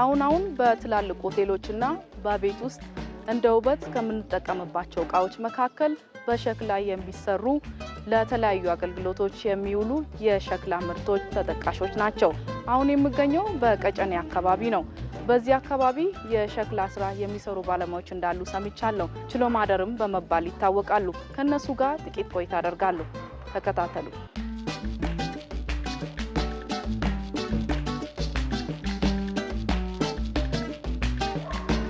አሁን አሁን በትላልቅ ሆቴሎችና በቤት ውስጥ እንደ ውበት ከምንጠቀምባቸው እቃዎች መካከል በሸክላ የሚሰሩ ለተለያዩ አገልግሎቶች የሚውሉ የሸክላ ምርቶች ተጠቃሾች ናቸው። አሁን የምገኘው በቀጨኔ አካባቢ ነው። በዚህ አካባቢ የሸክላ ስራ የሚሰሩ ባለሙያዎች እንዳሉ ሰምቻለሁ። ችሎ ማደርም በመባል ይታወቃሉ። ከእነሱ ጋር ጥቂት ቆይታ አደርጋለሁ። ተከታተሉ።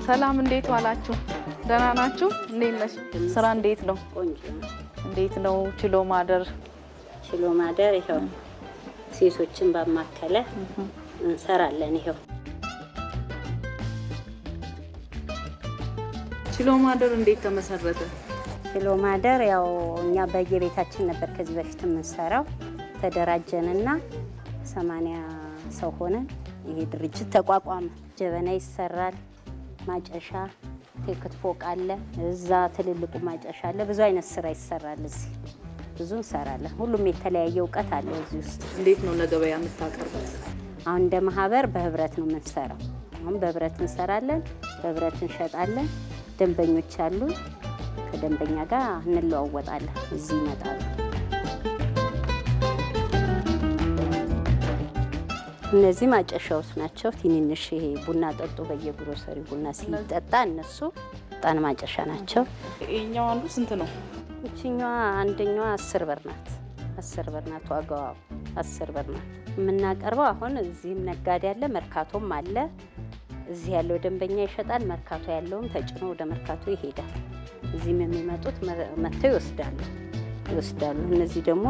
ሰላም፣ እንዴት ዋላችሁ? ደህና ናችሁ? እንዴት ነሽ? ስራ እንዴት ነው? እንዴት ነው ችሎ ማደር? ችሎ ማደር ይኸው ሴቶችን ባማከለ እንሰራለን። ይኸው ችሎ ማደር እንዴት ተመሰረተ? ችሎ ማደር ያው እኛ በየቤታችን ነበር ከዚህ በፊት የምንሰራው። ተደራጀንና ሰማንያ ሰው ሆነን ይሄ ድርጅት ተቋቋመ። ጀበና ይሰራል፣ ማጨሻ ክትፎ ፎቅ አለ፣ እዛ ትልልቁ ማጨሻ አለ። ብዙ አይነት ስራ ይሰራል እዚህ ብዙ እንሰራለን። ሁሉም የተለያየ እውቀት አለው እዚህ ውስጥ። እንዴት ነው ለገበያ የምታቀርቡት? አሁን እንደ ማህበር በህብረት ነው የምንሰራው። አሁን በህብረት እንሰራለን፣ በህብረት እንሸጣለን። ደንበኞች አሉ፣ ከደንበኛ ጋር እንለዋወጣለን። እዚህ ይመጣሉ። እነዚህ ማጨሻዎች ናቸው። ትንንሽ ይሄ ቡና ጠጡ፣ በየግሮሰሪ ቡና ሲጠጣ እነሱ ጣን ማጨሻ ናቸው። ይኛው አንዱ ስንት ነው? እቺኛዋ አንደኛዋ አስር ብር ናት። አስር ብር ናት ዋጋዋ አስር ብር ናት። የምናቀርበው አሁን እዚህም ነጋዴ አለ፣ መርካቶም አለ። እዚህ ያለው ደንበኛ ይሸጣል፣ መርካቶ ያለውም ተጭኖ ወደ መርካቶ ይሄዳል። እዚህም የሚመጡት መጥተው ይወስዳሉ። ይወስዳሉ። እነዚህ ደግሞ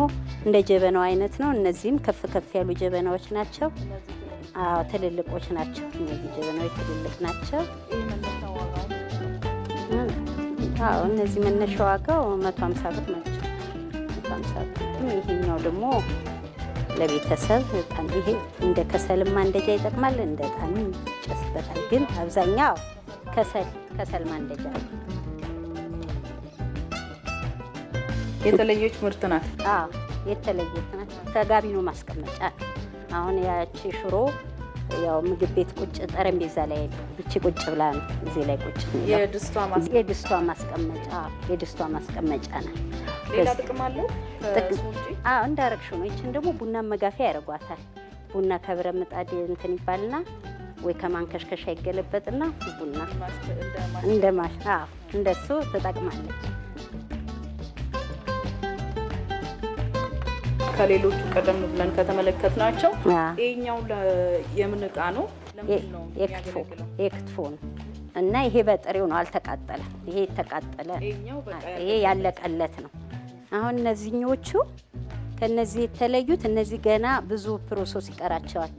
እንደ ጀበናው አይነት ነው። እነዚህም ከፍ ከፍ ያሉ ጀበናዎች ናቸው። አዎ ትልልቆች ናቸው። እነዚህ ጀበናዎች ትልልቅ ናቸው። አዎ እነዚህ መነሻ ዋጋው መቶ ብር ናቸው። ብር ይሄኛው ደግሞ ለቤተሰብ በጣም ይሄ እንደ ከሰልም ማንደጃ ይጠቅማል። እንደ ዕጣንም ይጨስበታል። ግን አብዛኛው ከሰል ከሰል ማንደጃ የተለየች ምርት ናት። የተለየች ናት። ተጋቢ ነው ማስቀመጫ። አሁን ያቺ ሽሮ ያው ምግብ ቤት ቁጭ ጠረጴዛ ላይ ብቻ ቁጭ ብላ እዚህ ላይ ቁጭ የድስቷ ማስቀመጫ የድስቷ ማስቀመጫ ናት። ሌላ ጥቅም አለው ጥቅም? እንዳረግሽ ነው። ይችን ደግሞ ቡና መጋፊያ ያደርጓታል። ቡና ከብረ ምጣድ እንትን ይባልና ወይ ከማንከሽከሻ ይገለበጥና ቡና እንደማሽ እንደሱ ትጠቅማለች። ከሌሎቹ ቀደም ብለን ከተመለከትናቸው ይሄኛው የምን እቃ ነው? የክትፎ ነው እና ይሄ በጥሬው ነው፣ አልተቃጠለም። ይሄ የተቃጠለ ይሄ ያለቀለት ነው። አሁን እነዚህኞቹ ከነዚህ የተለዩት እነዚህ ገና ብዙ ፕሮሰስ ይቀራቸዋል።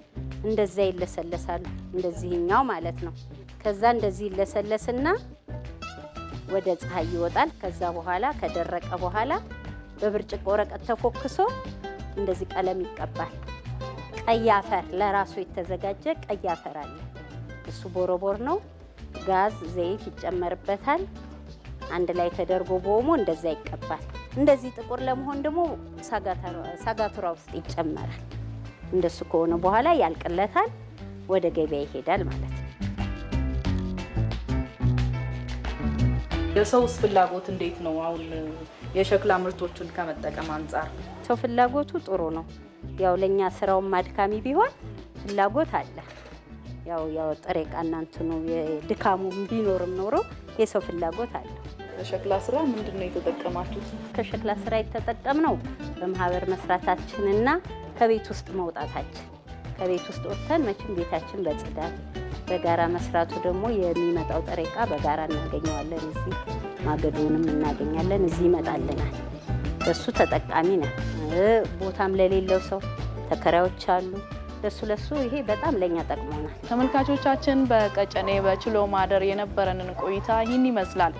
እንደዛ ይለሰለሳሉ። እንደዚህኛው ማለት ነው። ከዛ እንደዚህ ይለሰለስና ወደ ፀሐይ ይወጣል። ከዛ በኋላ ከደረቀ በኋላ በብርጭቆ ወረቀት ተፎክሶ እንደዚህ ቀለም ይቀባል። ቀይ አፈር ለራሱ የተዘጋጀ ቀይ አፈር አለ። እሱ ቦሮቦር ነው። ጋዝ፣ ዘይት ይጨመርበታል። አንድ ላይ ተደርጎ ቦሞ እንደዛ ይቀባል። እንደዚህ ጥቁር ለመሆን ደግሞ ሳጋቱራ ውስጥ ይጨመራል። እንደሱ ከሆነ በኋላ ያልቅለታል፣ ወደ ገበያ ይሄዳል ማለት ነው። የሰውስ ፍላጎት እንዴት ነው አሁን የሸክላ ምርቶቹን ከመጠቀም አንጻር ሰው ፍላጎቱ ጥሩ ነው። ያው ለእኛ ስራውም አድካሚ ቢሆን ፍላጎት አለ። ያው ያው ጥሬ ዕቃ እናንትኑ ድካሙ ቢኖርም ኖሮ የሰው ፍላጎት አለ። ከሸክላ ስራ ምንድን ነው የተጠቀማችሁት? ከሸክላ ስራ የተጠቀምነው በማህበር መስራታችንና ከቤት ውስጥ መውጣታችን ከቤት ውስጥ ወጥተን መቼም ቤታችን በጽዳት በጋራ መስራቱ ደግሞ የሚመጣው ጥሬ ዕቃ በጋራ እናገኘዋለን እዚህ ማገዶንም እናገኛለን። እዚህ ይመጣልናል። በሱ ተጠቃሚ ነው። ቦታም ለሌለው ሰው ተከራዮች አሉ። ለሱ ለሱ ይሄ በጣም ለእኛ ጠቅሞናል። ተመልካቾቻችን በቀጨኔ በችሎ ማደር የነበረንን ቆይታ ይህን ይመስላል።